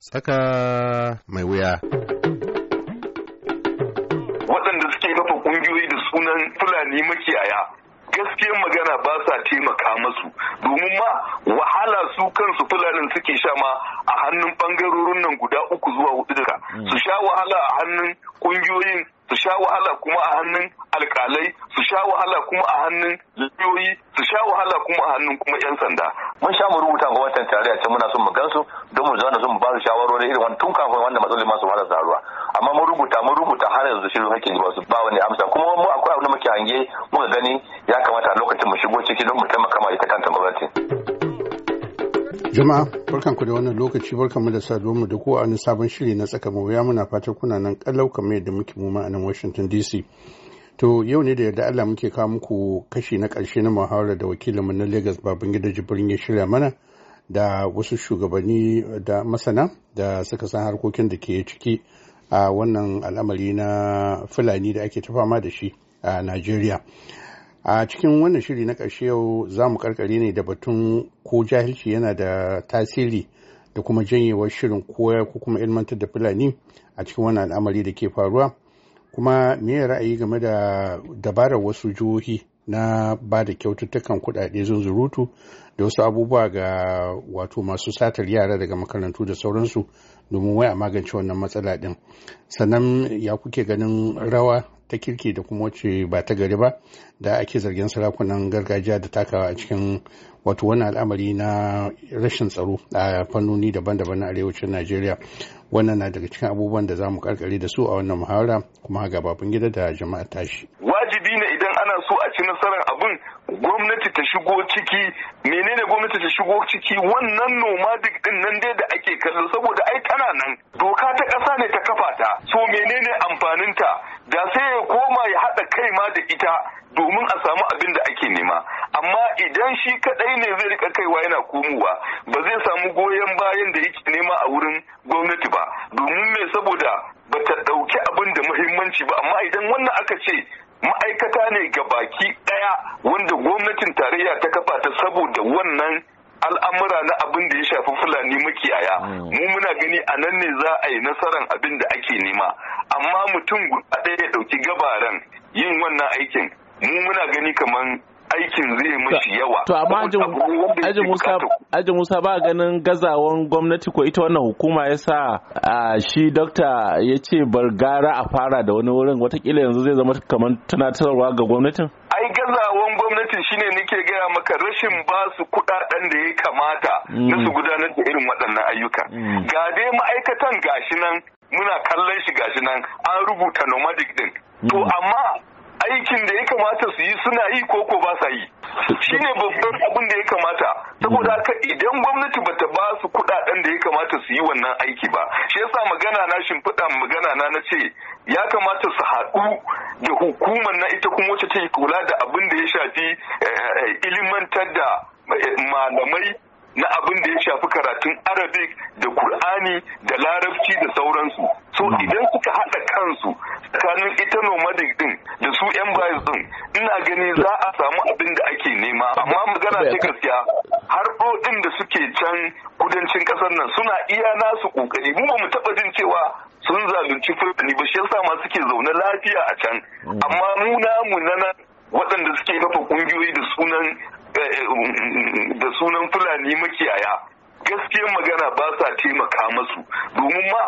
Saka mai wuya. Waɗanda suke kafa ƙungiyoyi da sunan Fulani makiyaya gaskiyar magana ba sa taimaka masu domin ma wahala su kansu fulanin suke sha ma a hannun ɓangarorin nan guda uku zuwa hudu daga su sha wahala a hannun ƙungiyoyin su sha wahala kuma a hannun alkalai su sha wahala kuma a hannun lauyoyi su sha wahala kuma a hannun kuma yan sanda mun sha mu rubuta ga watan tarayya ce muna son mu gan su don mu zauna mu ba su shawarwari irin wani tun kafin wanda matsaloli masu fara zaruwa amma mun rubuta mun rubuta har yanzu shiru hakkin ba su ba wani amsa kuma mu akwai abu da muke hange muka gani ya kamata a lokacin mu shigo ciki don mu taimaka ma ita kanta gwamnati. Jama'a barkan ku da wannan lokaci barkan mu da saduwar mu da ko wani sabon shiri na tsaka mu ya muna fatan kuna nan kallau kamar yadda muke mu ma a nan Washington DC. To yau ne da yadda Allah muke kawo muku kashi na karshe na muhawarar da wakilin mu na Lagos Babangida Jibrin ya shirya mana da wasu shugabanni da masana da suka san harkokin da ke ciki a wannan al'amari na Fulani da ake ta fama da shi a Najeriya. a cikin wannan shiri na ƙarshe yau za mu karkare ne da batun ko jahilci yana da tasiri da kuma janyewar shirin koya ko kuma ilmantar da fulani a cikin wannan al'amari da ke faruwa kuma me ya ra'ayi game da dabarar wasu jihohi na ba da kyaututtukan kuɗaɗe zunzurutu da wasu abubuwa ga wato masu satar yara daga makarantu da sauransu domin wai a magance wannan matsala ɗin sannan ya kuke ganin rawa ta kirki da kuma wacce ba ta gari ba da ake zargin sarakunan gargajiya da takawa a cikin wato wannan al'amari na rashin tsaro a fannoni daban-daban na arewacin najeriya wannan na daga cikin abubuwan da za mu karkare da su a wannan muhawara kuma ga gida da jama'a tashi wajibi ne idan ana so a ci nasarar abin gwamnati ta shigo ciki menene gwamnati ta shigo ciki wannan noma din nan dai da ake kallo saboda ai tana nan doka ta ƙasa ne ta kafa ta so menene amfaninta da sai ya koma ya haɗa kai ma da ita domin a samu abin da ake nema amma idan shi kadai ne zai rika kaiwa yana komowa ba zai samu goyon bayan da yake nema a wurin gwamnati ba domin me saboda ba ta dauki abin da muhimmanci ba amma idan wannan aka ce ma'aikata ne ga baki daya wanda gwamnatin tarayya ta kafa ta saboda wannan al'amura na abin da ya shafi fulani makiyaya mm. mu muna gani a nan ne za a yi nasarar abin da ake nema amma mutum a ɗaya ya ɗauki gabaran yin wannan aikin mu muna gani kaman aikin zai mashi yawa. To amma Aji Musa ba ganin gazawan gwamnati ko ita wannan hukuma ya sa shi dokta ya ce bar gara a fara da wani wurin watakila yanzu zai zama kamar tunatarwa ga gwamnatin? Ai gazawan gwamnati shine nake gaya maka rashin ba su kudaden da ya kamata mm. na su gudanar da irin waɗannan ayyuka. Mm. Ga dai ma'aikatan gashi nan muna kallon shi gashi nan an rubuta nomadic din. To mm. amma aikin da ya kamata su yi suna yi ko ko ba sa yi shine babban abin da ya kamata saboda haka idan gwamnati bata ba su kudaden da ya kamata su yi wannan aiki ba shi yasa magana na shimfiɗa magana na na ce ya kamata su haɗu da hukumar na ita kuma wacce take kula da abin da ya shafi eh, eh, ilimantar da eh, malamai na abin da ya shafi karatun arabic da kur'ani da larabci da sauransu so mm. idan suka haɗa kansu tsakanin ita nomadic din da su yan bayis din ina gani za a samu abin da ake nema amma magana ce gaskiya har ɗin da suke can kudancin ƙasar nan suna iya nasu ƙoƙari mu ba mu taɓa jin cewa sun zalunci fulani ba shi yasa ma suke zaune lafiya a can mm. amma mu namu na waɗanda suke kafa ƙungiyoyi da sunan Eh, um, um, um, da sunan fulani makiyaya Gaskiya magana ba sa taimaka masu domin ma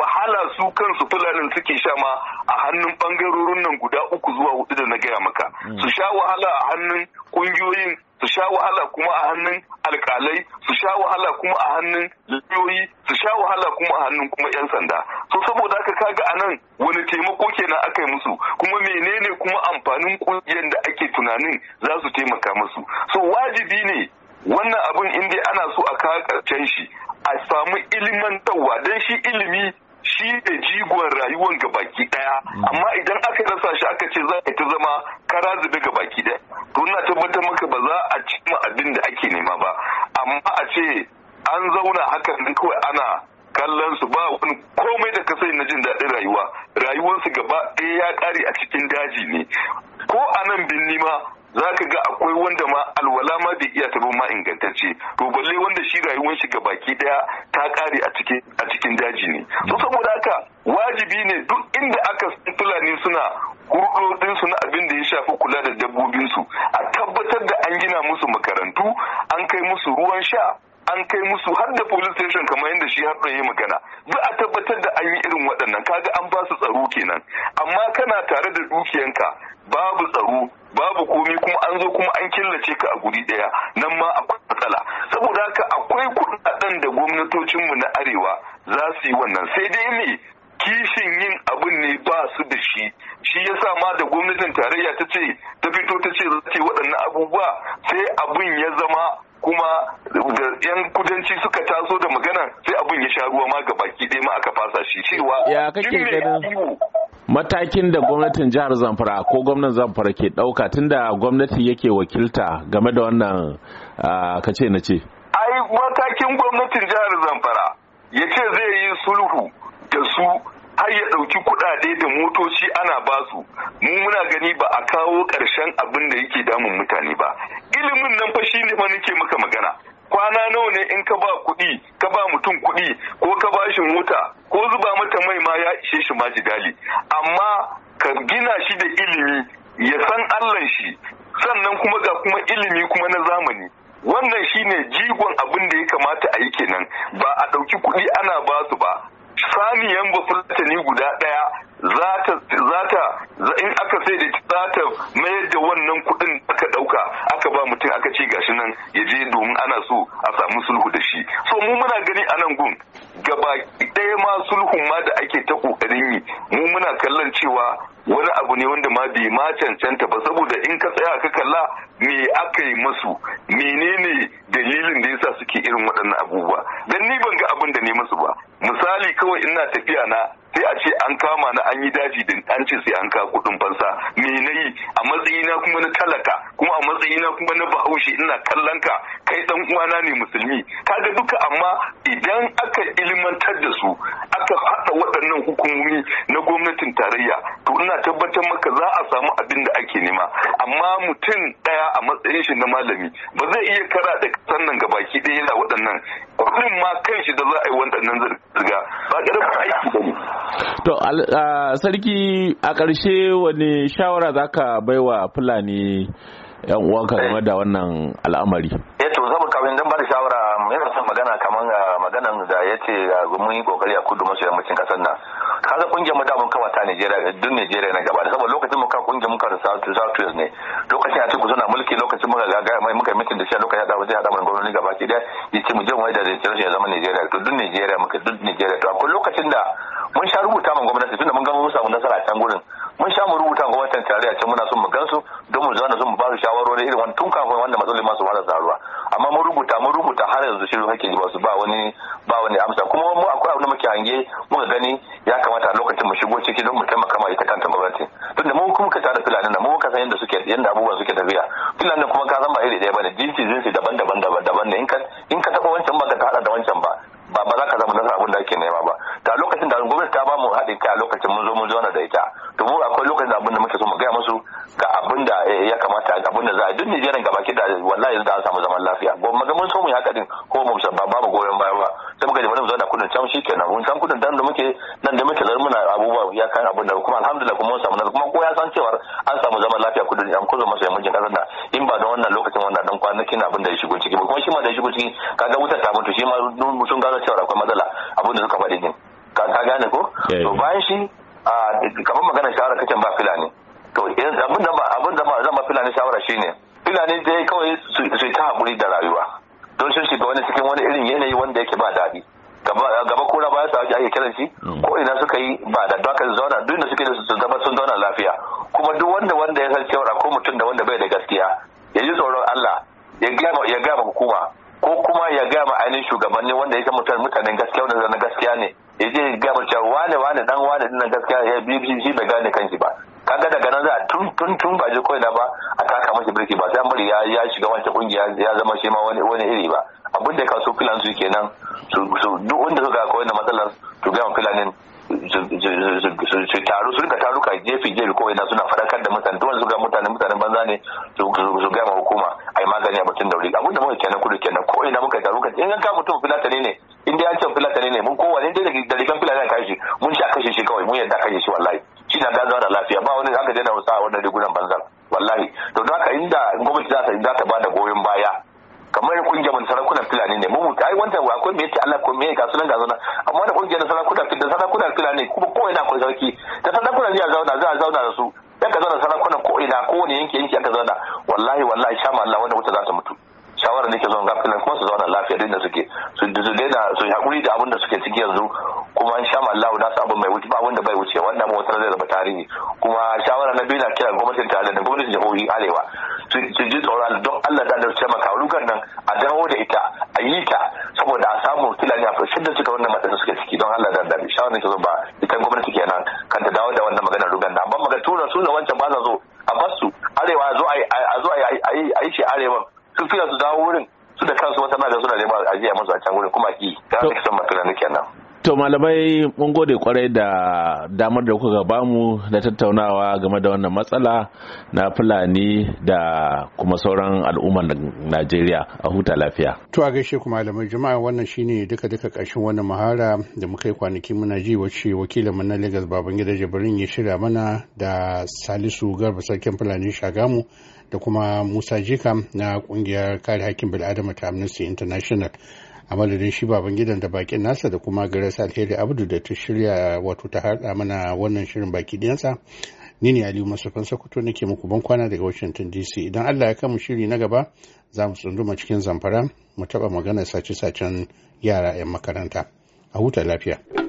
wahala su kansu fulanin suke sha ma a hannun bangarorin nan guda uku zuwa hudu da na gaya maka hmm. su sha wahala a hannun kungiyoyin su sha wahala kuma a hannun alkalai su sha wahala kuma a hannun lauyoyi su sha wahala kuma a hannun kuma yan sanda so saboda haka kaga a nan wani taimako kenan aka yi musu kuma menene kuma amfanin kungiyar da ake tunanin za su taimaka musu so wajibi ne wannan abin in dai ana so a kawo karshen shi a samu ilimin ilimantarwa don shi ilimi shi da jigon rayuwan ga baki daya mm. amma idan aka rasa shi aka ce za ka ta zama kara zube ga baki daya to ina tabbatar maka ba za a cimma abin da ake nema ba amma a ce an zauna haka nan kawai ana kallon su ba wani komai da ka sani na jin daɗin rayuwa rayuwarsu gaba ɗaya ya ƙare a cikin daji ne ko anan binni ma za ka ga akwai wanda ma alwala ma bai iya ta ma ingantacce to balle wanda shi rayuwar shi ga baki daya ta kare a cikin a cikin daji ne Su saboda haka wajibi ne duk inda aka fulani suna hurdodin su na abin da ya shafi kula da dabbobin su a tabbatar da an gina musu makarantu an kai musu ruwan sha an kai musu har da police station kamar yadda shi har ya magana za a tabbatar da an yi irin waɗannan kaga an ba su tsaro kenan amma kana tare da dukiyanka babu tsaro babu komi kuma an zo kuma an killace ka a guri ɗaya nan ma akwai matsala saboda haka akwai kuɗaɗen da gwamnatocinmu na arewa za su yi wannan sai dai me kishin yin abin ne ba su da shi shi yasa ma da gwamnatin tarayya ta ce ta fito ta ce za ce waɗannan abubuwa sai abin ya zama kuma da yan kudanci suka taso da magana sai abin ya sha ruwa ma ga baki ɗaya ma aka fasa shi cewa ya kake ganin matakin da gwamnatin jihar zamfara ko gwamnan zamfara ke ɗauka tunda gwamnati yake wakilta game da wannan ce na ce ai matakin gwamnatin jihar zamfara ya ce zai yi sulhu da su har ya ɗauki kuɗaɗe da motoci ana ba su, mu muna gani ba a kawo ƙarshen abin da yake damun mutane ba ilimin nan fa ne ma nake maka magana kwana nawa ne in ka ba kuɗi ka ba mutum kuɗi ko ka ba shi mota ko zuba mata mai ma ya ishe shi majidali amma ka gina shi da ilimi ya san allah shi sannan kuma ga kuma ilimi kuma na zamani wannan shine jigon abin da ya kamata a yi kenan ba a ɗauki kuɗi ana ba su ba saniyan ne guda ɗaya za in aka sai da za ta mayar da wannan kuɗin aka ɗauka aka ba mutum aka ce gashi nan ya je domin ana so a samu sulhu da shi so mu muna gani a nan gun gaba ɗaya ma sulhun ma da ake ta ƙoƙarin yi mu muna kallon cewa wani abu ne wanda ma bai ma cancanta ba saboda in ka tsaya ka kalla me aka yi masu menene dalilin da yasa suke irin waɗannan abubuwa dan ni ban ga abin da ne masu ba misali kawai ina tafiya na sai a ce an kama na an yi daji da an ce sai an ka kudin fansa me na yi a matsayina kuma na talaka kuma a matsayina kuma na bahaushe ina kallon ka kai dan uwana ne musulmi kaga duka amma idan aka ilmantar da su aka haɗa waɗannan hukumomi na gwamnatin tarayya to ina tabbatar maka za a samu abin da ake nema amma mutum ɗaya a matsayin shi na malami ba zai iya kara da sannan gabaki ɗaya yana waɗannan kuɗin ma kan shi da za a yi waɗannan zargi ga ba aiki ba ne. To sarki a ƙarshe wani shawara zaka baiwa Fulani yan ka eh. game da wannan al'amari eh to zama kawai dan ba da shawara yana son magana kamar ah, maganan da ya ce ah, mun yi kokari a kudu maso yammacin kasar nan ga kungiyar mu da mun ta Najeriya duk Najeriya na gaba saboda lokacin mu kan kungiyar muka da South Wales ne lokacin a cikin na mulki lokacin muka ga mai muka mitin da shi lokacin da zai hada mun gwamnati gaba ki da ce mu je mu da Najeriya ya zama Najeriya to duk Najeriya muka duk Najeriya to akwai lokacin da mun sha rubuta mun gwamnati tunda mun ga mun samu nasara a can gurin mun sha mu rubuta ga tare a can muna son mu gansu don mu zauna son mu ba su shawarwari irin wani tun kafin wanda matsalolin masu fara zaruwa amma mun rubuta mun rubuta har yanzu shiru hake ba su ba wani ba wani amsa kuma mu akwai abin da muke hange muka gani ya kamata a lokacin mu shigo ciki don mu taimaka ma ita kanta tun da mu kuma ka tare filanin mu ka san yadda suke yadda abubuwan suke tafiya filanin kuma ka san ba iri ɗaya bane jinsi jinsi da haɗin ta a lokacin mun zo mun zauna da ita to mu akwai lokacin abin da muke so mu gaya musu ga abin da eh, ya kamata abin da za a duk Nijeriya gaba ki da wallahi yanzu da an samu zaman lafiya ba mu ga mun so mu yi haka din ko mu ba ba mu goyon baya ba sai muka ji mu zauna kudin can shi kenan mun san kudin dan da muke nan da muke lar muna abubuwa ya kan abin da kuma alhamdulillah kuma mun samu kuma ko ya san cewa an samu zaman lafiya kudin an kuzo masa yammacin kasar da in ba da wannan lokacin wannan dan kwanakin abin da ya shigo ciki ba kuma shi ma da ya shigo ciki kaga wutar ta mutu shi ma sun gano cewa akwai matsala abin da suka faɗi din ka gane ko eh, eh. to bayan shi kamar magana shawara kacin ba filani to abin da abin da zan ba filani shawara shine filani dai kawai su ta hakuri da rayuwa don sun shiga wani cikin wani irin yanayi wanda yake ba daɗi gaba kura ba sa ake kiran shi mm. ko ina suka yi ba da haka zauna duk da suke da su zama sun zauna lafiya kuma duk wanda wanda ya san cewa ko mutum da wanda bai da gaskiya ya ji tsoron Allah ya ya ga hukuma ko kuma ya ga ma ainihin shugabanni wanda ya san mutanen gaskiya wanda na gaskiya ne yaje ga cewa wane wane dan wane din nan gaskiya ya eh, bi shi bai gane kanshi ba kaga daga nan za a tun tun tun ba je na ba a taka mashi birki ba sai amuri ya shiga wancan kungiya ya zama shi ma wani wani iri ba abin da ka so filan su kenan su su duk wanda suka koyi na matsalar su ga filanin su taru su rika ka jefi jefi ko ina suna farakar da mutane duk wanda suka mutane mutane banza ne su ga ma hukuma ai magani a batun dauri abin da muka kenan kudu kenan ko ina muka ka in ka mutum filatani ne in dai an ce ta ne mun kowane dai da fila zan kashe mun sha kashe shi kawai mun yadda kashe shi wallahi shi na gazawa da lafiya ba wani zaka daina wasa a wannan rigunan banzan wallahi to don haka inda gwamnati za ta za ta bada goyon baya kamar kungiyar mun sarakunan filani ne mu ai wanda akwai me yace Allah ko me ga sunan ga sunan amma da kungiyar sarakunan filani sarakunan filani kuma ko ina akwai sarki da sarakunan ne a zauna za a zauna da su dan ka zauna sarakunan ko ina ko wani yanki yanki aka zauna wallahi wallahi sha ma Allah wanda wuta za ta mutu shawara nake son gafilan kuma su zauna lafiya din da suke su daina su hakuri da abin da suke ciki yanzu kuma in sha Allah na su abin mai wuce ba wanda bai wuce wannan motar zai zama tarihi kuma shawara na biyu na kira gwamnatin tare da gwamnatin jihohi arewa su ji tsoro don Allah da da taimaka rukan nan a dawo da ita a yi ta saboda a samu filani a fashin da suka wannan matsayin suke ciki don Allah da da shawara nake so ba ita gwamnati kenan kan ta dawo da wannan magana rukan nan amma maga tura su wancan ba za zo tafiya su dawo wurin su da kansu wata na da suna neman ajiya musu a can wurin kuma ki ga su kisan makaranta kenan to malamai mun gode kwarai da damar da kuka bamu da tattaunawa game da wannan matsala na fulani da kuma sauran al'ummar najeriya a huta lafiya to a gaishe ku malamai jama'a wannan shine duka duka ƙarshen wannan mahara da muka yi kwanaki muna ji wacce wakilin mu na lagos babangida jibrin ya shirya mana da salisu garba sarkin fulani shagamu da kuma musa jika na kungiyar kare hakkin bil'adama ta amnesty international a madadin shi baban gidan da bakin nasa da kuma garasa alheri abdu da ta shirya wato ta harda mana wannan shirin baki ɗiyansa ni ne aliyu masufan sokoto nake muku ban kwana daga washington dc idan allah ya kama shiri na gaba za mu tsunduma cikin zamfara mu taɓa magana sace-sacen yara 'yan makaranta a huta lafiya.